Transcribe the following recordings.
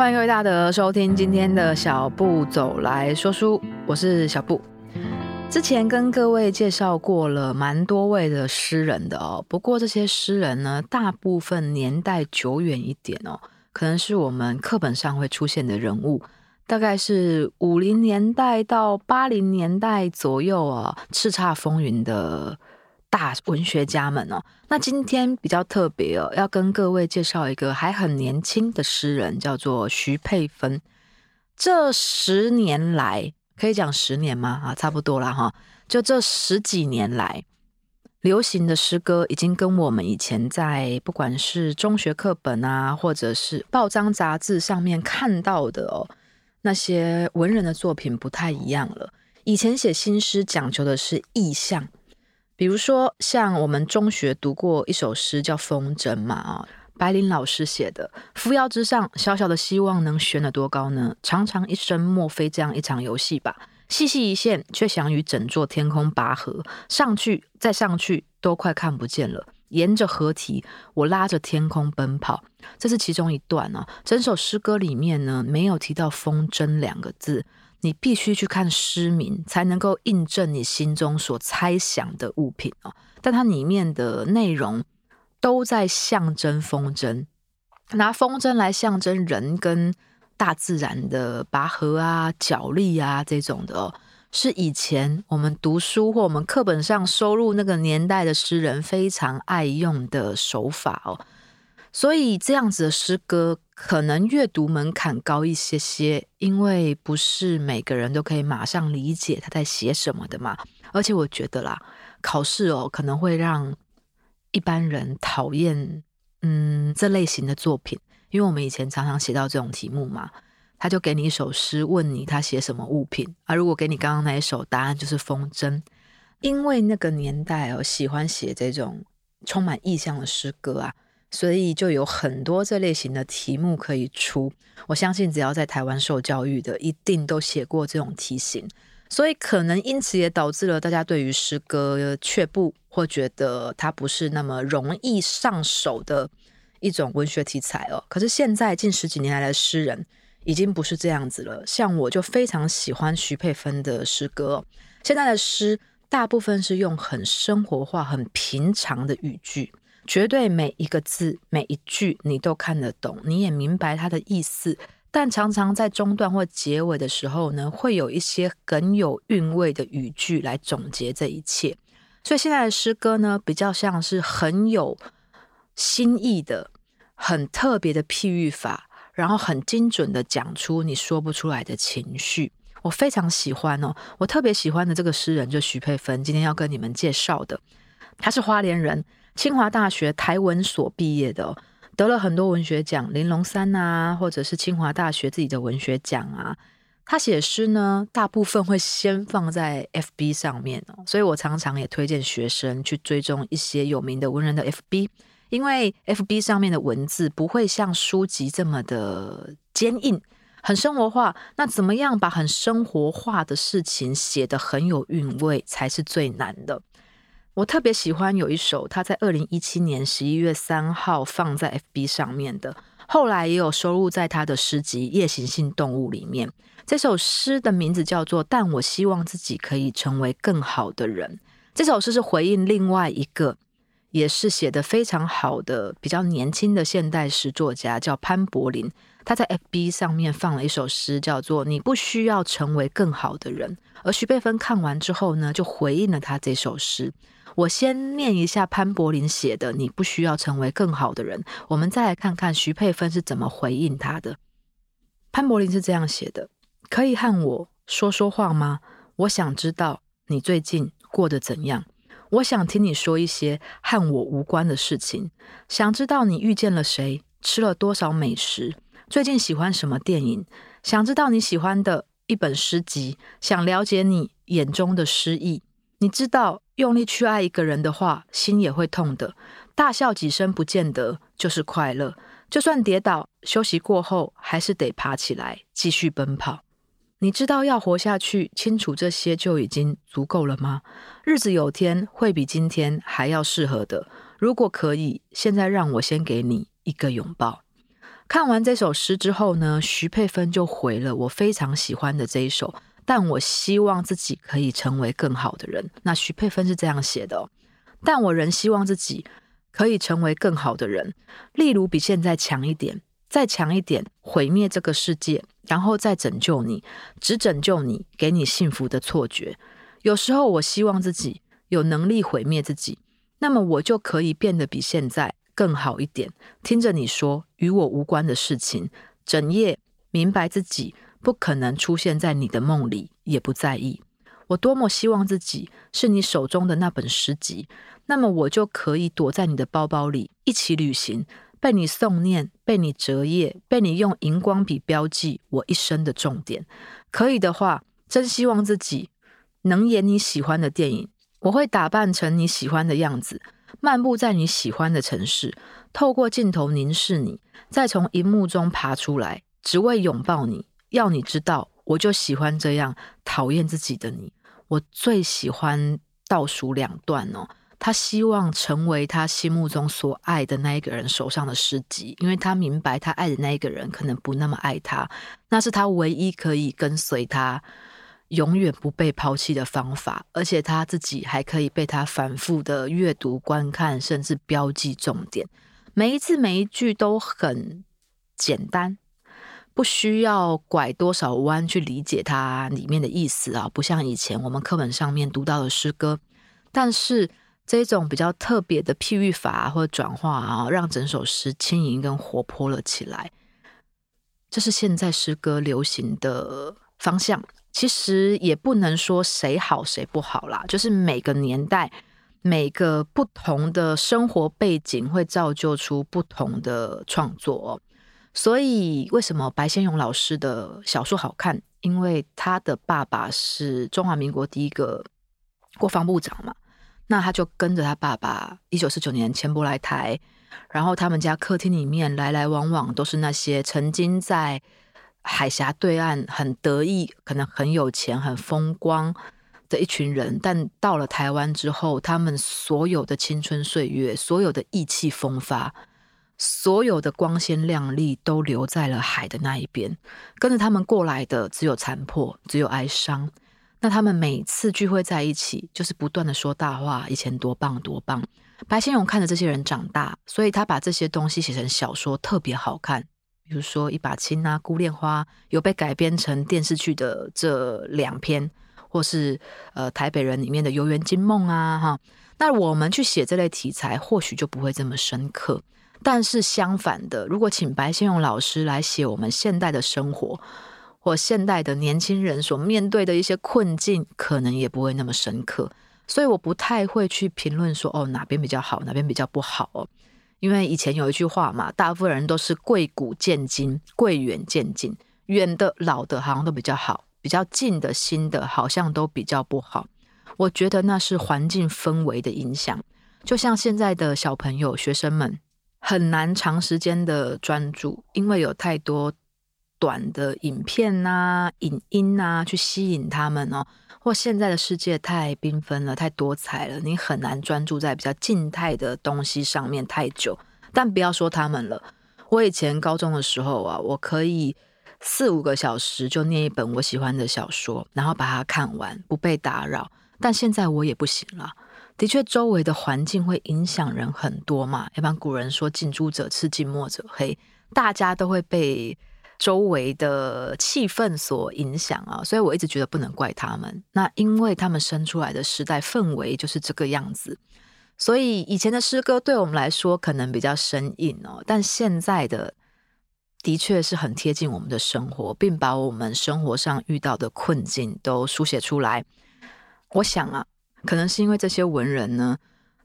歡迎各位大德收聽今天的小布走來說書，我是小布。之前跟各位介紹過了蠻多位的詩人的哦，不過這些詩人呢，大部分年代久遠一點哦，可能是我們課本上會出現的人物，大概是五零年代到八零年代左右啊、哦，叱咤風雲的。大文學家們哦，那今天比較特別哦，要跟各位介紹一個還很年輕的詩人，叫做徐珮芬。這十年來，可以講十年嗎？啊，差不多啦哈。就這十幾年來，流行的詩歌已經跟我們以前在不管是中學課本啊，或者是報章雜誌上面看到的哦，那些文人的作品不太一樣了。以前寫新詩講求的是意象。比如說，像我們中學讀過一首詩，叫《風箏》嘛，白靈老師寫的。扶搖直上，小小的希望能懸得多高呢？長長一生，莫非這樣一場遊戲吧？細細一線，卻想與整座天空拔河，上去再上去，都快看不見了。沿着河堤，我拉着天空奔跑。這是其中一段啊，整首詩歌裡面呢，沒有提到“風箏”兩個字。你必須去看詩名，才能夠印證你心中所猜想的物品哦，但它裡面的內容都在象徵風箏，拿風箏來象徵人跟大自然的拔河啊、角力啊這種的哦，是以前我們讀書或我們課本上收入那個年代的詩人非常愛用的手法哦。所以這樣子的詩歌可能閱讀門檻高一些些，因為不是每個人都可以馬上理解他在寫什麼的嘛。而且我覺得啦，考試哦可能會讓一般人討厭嗯這類型的作品，因為我們以前常常寫到這種題目嘛，他就給你一首詩，問你他寫什麼物品。而、啊、如果給你剛剛那一首，答案就是風箏，因為那個年代哦喜歡寫這種充滿意象的詩歌啊。所以就有很多這類型的題目可以出，我相信只要在台灣受教育的，一定都寫過這種題型。所以可能因此也導致了大家對於詩歌，呃，卻步，或覺得它不是那麼容易上手的一種文學題材哦。可是現在近十幾年來的詩人已經不是這樣子了，像我就非常喜歡徐珮芬的詩歌哦。現在的詩大部分是用很生活化、很平常的語句。絕對每一個字、每一句你都看得懂，你也明白它的意思，但常常在中段或結尾的時候呢，會有一些很有韻味的語句來總結這一切。所以現在的詩歌呢，比較像是很有新意的、很特別的譬喻法，然後很精準的講出你說不出來的情緒。我非常喜歡哦，我特別喜歡的這個詩人就徐珮芬，今天要跟你們介紹的，他是花蓮人。清華大學台文所畢業的，得了很多文學獎，林榮三啊，或者是清華大學自己的文學獎啊。他寫詩呢，大部分會先放在 FB 上面，所以我常常也推薦學生去追蹤一些有名的文人的 FB，因為 FB 上面的文字不會像書籍這麼的堅硬，很生活化。那怎麼樣把很生活化的事情寫得很有韻味，才是最難的。我特別喜歡有一首，他在二零一七年十一月三號放在 FB 上面的，後來也有收錄在他的詩集《夜行性動物》裡面。這首詩的名字叫做《但我希望自己可以成為更好的人》。這首詩是回應另外一個也是寫得非常好的、比較年輕的現代詩作家，叫潘柏林。他在 FB 上面放了一首詩，叫做《你不需要成為更好的人》，而徐珮芬看完之後呢，就回應了他這首詩。我先念一下潘柏林寫的：“你不需要成為更好的人。”我們再來看看徐珮芬是怎麼回應他的。潘柏林是這樣寫的：“可以和我說說話嗎？我想知道你最近過得怎樣。我想聽你說一些和我無關的事情。想知道你遇見了誰，吃了多少美食，最近喜歡什麼電影？想知道你喜歡的一本詩集，想了解你眼中的詩意。你知道。”用力去愛一個人的話，心也會痛的。大笑幾聲不見得就是快樂。就算跌倒，休息過後還是得爬起來繼續奔跑。你知道要活下去，清楚這些就已經足夠了嗎？日子有天會比今天還要適合的。如果可以，現在讓我先給你一個擁抱。看完這首詩之後呢，徐珮芬就回了我非常喜歡的這一首。但我希望自己可以成為更好的人。那徐珮芬是這樣寫的哦，但我仍希望自己可以成為更好的人，例如比現在強一點，再強一點，毀滅這個世界，然後再拯救你，只拯救你，給你幸福的錯覺。有時候我希望自己有能力毀滅自己，那麼我就可以變得比現在更好一點。聽着你說與我無關的事情，整夜明白自己，不可能出現在你的夢裡，也不在意。我多麼希望自己是你手中的那本詩集，那麼我就可以躲在你的包包裡，一起旅行，被你誦念，被你折頁，被你用熒光筆標記我一生的重點。可以的話，真希望自己能演你喜歡的電影。我會打扮成你喜歡的樣子，漫步在你喜歡的城市，透過鏡頭凝視你，再從熒幕中爬出來，只為擁抱你。要你知道，我就喜歡這樣討厭自己的你。我最喜歡倒數兩段哦。他希望成為他心目中所愛的那一個人手上的詩集，因為他明白他愛的那一個人可能不那麼愛他，那是他唯一可以跟隨他永遠不被拋棄的方法。而且他自己還可以被他反復的閱讀、觀看，甚至標記重點，每一字每一句都很簡單。不需要拐多少彎去理解它、啊、裡面的意思啊，不像以前我們課本上面讀到的詩歌。但是這種比較特別的譬喻法、啊、或者轉化啊，讓整首詩輕盈跟活潑了起來。這是現在詩歌流行的方向。其實也不能說誰好誰不好啦，就是每個年代、每個不同的生活背景會造就出不同的創作、哦。所以，為什麼白先勇老師的小說好看？因為他的爸爸是中華民國第一個國防部長嘛，那他就跟着他爸爸，一九四九年遷過來台，然後他們家客廳裡面來來往往都是那些曾經在海峽對岸很得意、可能很有錢、很風光的一群人，但到了台灣之後，他們所有的青春歲月、所有的意氣風發。所有的光鮮亮麗都留在了海的那一邊，跟着他們過來的只有殘破，只有哀傷。那他們每次聚會在一起，就是不斷的說大話，以前多棒多棒。白先勇看着這些人長大，所以他把這些東西寫成小說，特別好看。比如說《一把青》啊，《孤戀花》有被改編成電視劇的這兩篇，或是呃《台北人》裡面的《遊園驚夢》啊，哈。那我們去寫這類題材，或許就不會這麼深刻。但是相反的，如果請白先勇老師來寫我們現代的生活或現代的年輕人所面對的一些困境，可能也不會那麼深刻。所以我不太會去評論說哦哪邊比較好，哪邊比較不好哦。因為以前有一句話嘛，大部分人都是貴古賤今，貴遠賤近，遠的老的好像都比較好，比較近的新的好像都比較不好。我覺得那是環境氛圍的影響。就像現在的小朋友、學生們。很難長時間的專注，因為有太多短的影片吶、啊、影音吶、啊、去吸引他們哦、喔。或現在的世界太繽紛了、太多彩了，你很難專注在比較靜態的東西上面太久。但不要說他們了，我以前高中的時候啊，我可以四五個小時就念一本我喜歡的小說，然後把它看完，不被打擾。但現在我也不行了。的確，周圍的環境會影響人很多嘛。一般古人說“近朱者赤，近墨者黑”，大家都會被周圍的氣氛所影響啊、哦。所以我一直覺得不能怪他們，那因為他們生出來的時代氛圍就是這個樣子。所以以前的詩歌對我們來說可能比較生硬哦，但現在的的確是很貼近我們的生活，並把我們生活上遇到的困境都書寫出來。我想啊。可能是因為這些文人呢，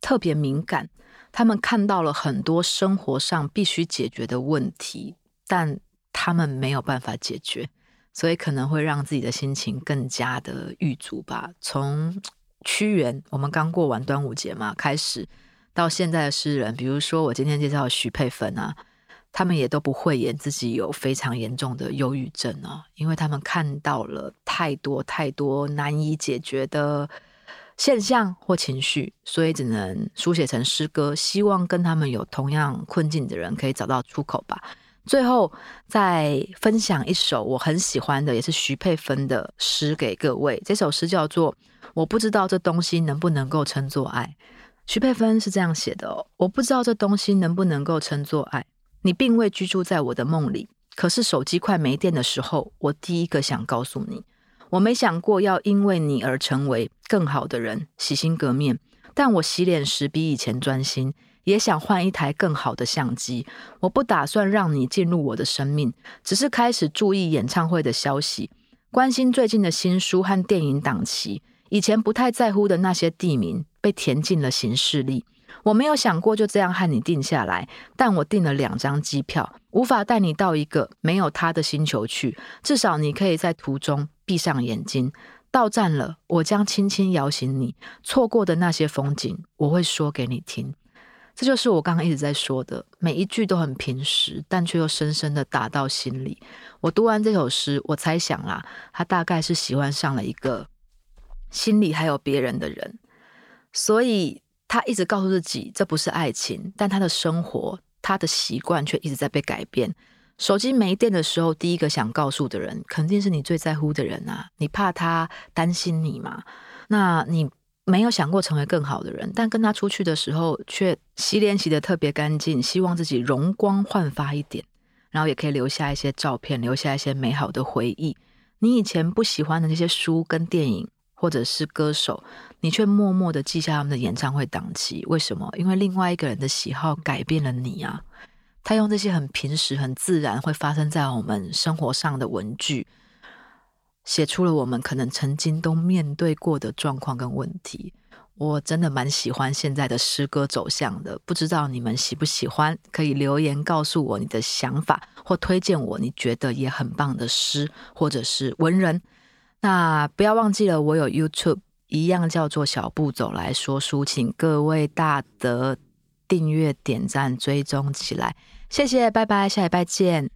特別敏感，他們看到了很多生活上必須解決的問題，但他們沒有辦法解決，所以可能會讓自己的心情更加的鬱卒吧。從屈原，我們剛過完端午節嘛，開始到現在的詩人，比如說我今天介紹的徐珮芬啊，他們也都不諱言自己有非常嚴重的憂鬱症啊，因為他們看到了太多太多難以解決的。現象或情緒，所以只能書寫成詩歌，希望跟他們有同樣困境的人可以找到出口吧。最後再分享一首我很喜歡的，也是徐珮芬的詩給各位。這首詩叫做《我不知道這東西能不能夠稱作愛》。徐珮芬是這樣寫的哦：我不知道這東西能不能夠稱作愛，你並未居住在我的夢裡，可是手機快沒電的時候，我第一個想告訴你。我沒想過要因為你而成為更好的人，洗心革面。但我洗臉時比以前專心，也想換一台更好的相機。我不打算讓你進入我的生命，只是開始注意演唱會的消息，關心最近的新書和電影檔期。以前不太在乎的那些地名被填進了行事曆。我沒有想過就這樣和你定下來，但我訂了兩張機票，無法帶你到一個沒有他的星球去。至少你可以在途中。閉上眼睛，到站了，我將輕輕搖醒你。錯過的那些風景，我會說給你聽。這就是我剛剛一直在說的，每一句都很平實，但卻又深深地打到心裡。我讀完這首詩，我猜想啦、啊，他大概是喜歡上了一個心裡還有別人的人，所以他一直告訴自己這不是愛情，但他的生活，他的習慣卻一直在被改變。手機沒電的時候，第一個想告訴的人肯定是你最在乎的人啊！你怕他擔心你嘛？那你沒有想過成為更好的人，但跟他出去的時候，卻洗臉洗得特別乾淨，希望自己容光煥發一點，然後也可以留下一些照片，留下一些美好的回憶。你以前不喜歡的那些書跟電影，或者是歌手，你卻默默的記下他們的演唱會檔期，為什麼？因為另外一個人的喜好改變了你啊！他用這些很平實、很自然會發生在我們生活上的文具，寫出了我們可能曾經都面對過的狀況跟問題。我真的蠻喜歡現在的詩歌走向的，不知道你們喜不喜歡？可以留言告訴我你的想法，或推薦我你覺得也很棒的詩或者是文人。那不要忘記了，我有 YouTube 一樣叫做“小步走來說書”，請各位大德訂閱、點讚、追蹤起來。謝謝，拜拜，下禮拜見。